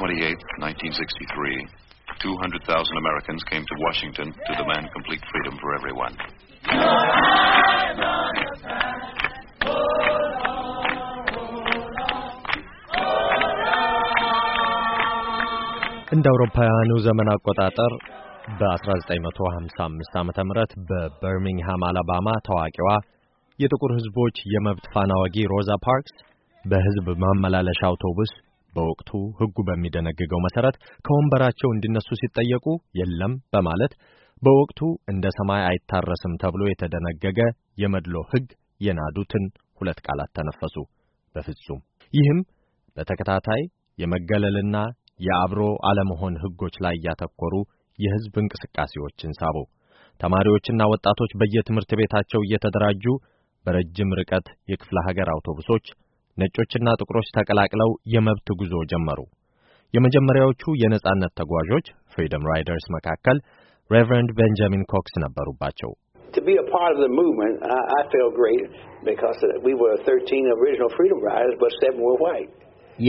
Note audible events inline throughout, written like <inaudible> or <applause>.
1963, 200,000 Americans came to Washington to demand complete freedom for everyone. እንደ አውሮፓውያኑ ዘመን አቆጣጠር በ1955 ዓ ም በበርሚንግሃም አላባማ ታዋቂዋ የጥቁር ሕዝቦች የመብት ፋና ሮዛ ፓርክስ በሕዝብ ማመላለሻ አውቶቡስ በወቅቱ ሕጉ በሚደነግገው መሰረት ከወንበራቸው እንዲነሱ ሲጠየቁ የለም በማለት በወቅቱ እንደ ሰማይ አይታረስም ተብሎ የተደነገገ የመድሎ ሕግ የናዱትን ሁለት ቃላት ተነፈሱ። በፍጹም ይህም በተከታታይ የመገለልና የአብሮ አለመሆን ሕጎች ላይ ያተኮሩ የሕዝብ እንቅስቃሴዎችን ሳቡ። ተማሪዎችና ወጣቶች በየትምህርት ቤታቸው እየተደራጁ በረጅም ርቀት የክፍለ ሀገር አውቶቡሶች ነጮችና ጥቁሮች ተቀላቅለው የመብት ጉዞ ጀመሩ። የመጀመሪያዎቹ የነጻነት ተጓዦች ፍሪደም ራይደርስ መካከል ሬቨረንድ ቤንጃሚን ኮክስ ነበሩባቸው።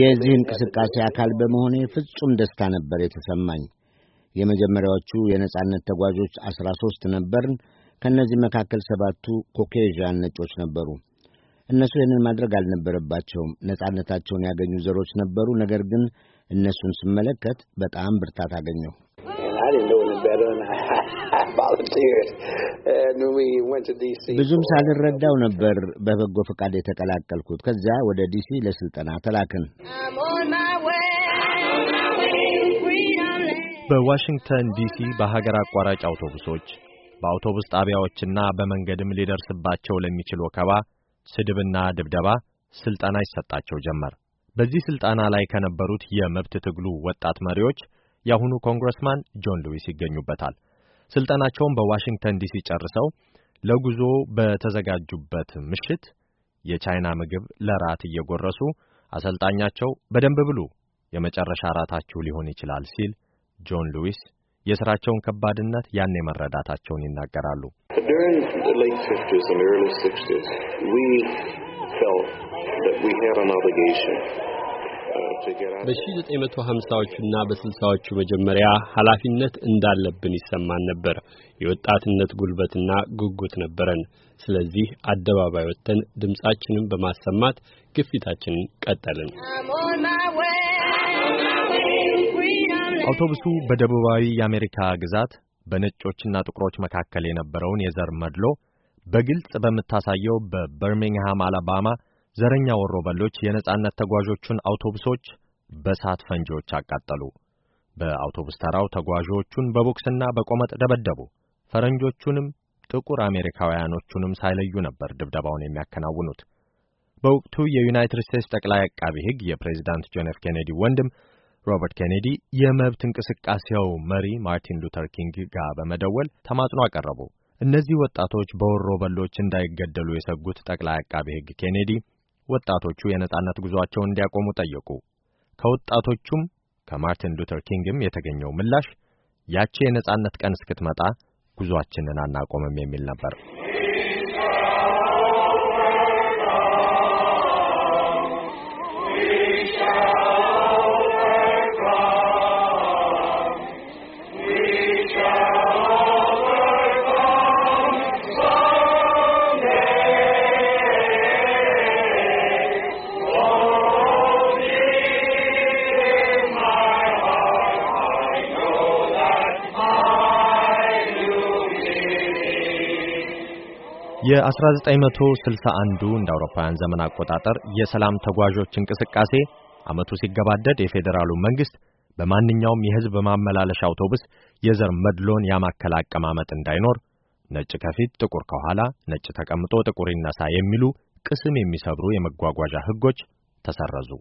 የዚህ እንቅስቃሴ አካል በመሆኔ ፍጹም ደስታ ነበር የተሰማኝ። የመጀመሪያዎቹ የነጻነት ተጓዦች አስራ ሶስት ነበርን። ከእነዚህ መካከል ሰባቱ ኮኬዣን ነጮች ነበሩ። እነሱ ይህንን ማድረግ አልነበረባቸውም። ነጻነታቸውን ያገኙ ዘሮች ነበሩ። ነገር ግን እነሱን ስመለከት በጣም ብርታት አገኘሁ። <laughs> ብዙም ሳልረዳው ነበር በበጎ ፈቃድ የተቀላቀልኩት። ከዚያ ወደ ዲሲ ለስልጠና ተላክን። በዋሽንግተን ዲሲ በሀገር አቋራጭ አውቶቡሶች፣ በአውቶቡስ ጣቢያዎችና በመንገድም ሊደርስባቸው ለሚችል ወከባ ስድብና ድብደባ ስልጠና ይሰጣቸው ጀመር። በዚህ ስልጠና ላይ ከነበሩት የመብት ትግሉ ወጣት መሪዎች የአሁኑ ኮንግረስማን ጆን ሉዊስ ይገኙበታል። ስልጠናቸውን በዋሽንግተን ዲሲ ጨርሰው ለጉዞ በተዘጋጁበት ምሽት የቻይና ምግብ ለራት እየጎረሱ አሰልጣኛቸው በደንብ ብሉ፣ የመጨረሻ ራታችሁ ሊሆን ይችላል ሲል ጆን ሉዊስ የሥራቸውን ከባድነት ያኔ መረዳታቸውን ይናገራሉ። During the late 50s and early 60s, we felt that we had an obligation uh, በ1950ዎቹና በ60ዎቹ መጀመሪያ ኃላፊነት እንዳለብን ይሰማን ነበር። የወጣትነት ጉልበትና ጉጉት ነበረን። ስለዚህ አደባባይ ወጥተን ድምጻችንን በማሰማት ግፊታችንን ቀጠልን። አውቶቡሱ በደቡባዊ የአሜሪካ ግዛት በነጮችና ጥቁሮች መካከል የነበረውን የዘር መድሎ በግልጽ በምታሳየው በበርሚንግሃም አላባማ ዘረኛ ወሮበሎች የነጻነት ተጓዦቹን አውቶቡሶች በሳት ፈንጂዎች አቃጠሉ። በአውቶቡስ ተራው ተጓዦቹን በቦክስና በቆመጥ ደበደቡ። ፈረንጆቹንም ጥቁር አሜሪካውያኖቹንም ሳይለዩ ነበር ድብደባውን የሚያከናውኑት። በወቅቱ የዩናይትድ ስቴትስ ጠቅላይ አቃቢ ሕግ የፕሬዚዳንት ጆን ኤፍ ኬኔዲ ወንድም ሮበርት ኬኔዲ የመብት እንቅስቃሴው መሪ ማርቲን ሉተር ኪንግ ጋር በመደወል ተማጽኖ አቀረቡ። እነዚህ ወጣቶች በወሮ በሎች እንዳይገደሉ የሰጉት ጠቅላይ አቃቤ ሕግ ኬኔዲ ወጣቶቹ የነጻነት ጉዟቸውን እንዲያቆሙ ጠየቁ። ከወጣቶቹም ከማርቲን ሉተር ኪንግም የተገኘው ምላሽ ያቺ የነጻነት ቀን እስክትመጣ ጉዟችንን አናቆምም የሚል ነበር። የ1961 እንደ አውሮፓውያን ዘመን አቆጣጠር የሰላም ተጓዦች እንቅስቃሴ ዓመቱ ሲገባደድ የፌዴራሉ መንግስት በማንኛውም የህዝብ ማመላለሻ አውቶቡስ የዘር መድሎን ያማከለ አቀማመጥ እንዳይኖር ነጭ ከፊት ጥቁር ከኋላ፣ ነጭ ተቀምጦ ጥቁር ይነሳ የሚሉ ቅስም የሚሰብሩ የመጓጓዣ ህጎች ተሰረዙ።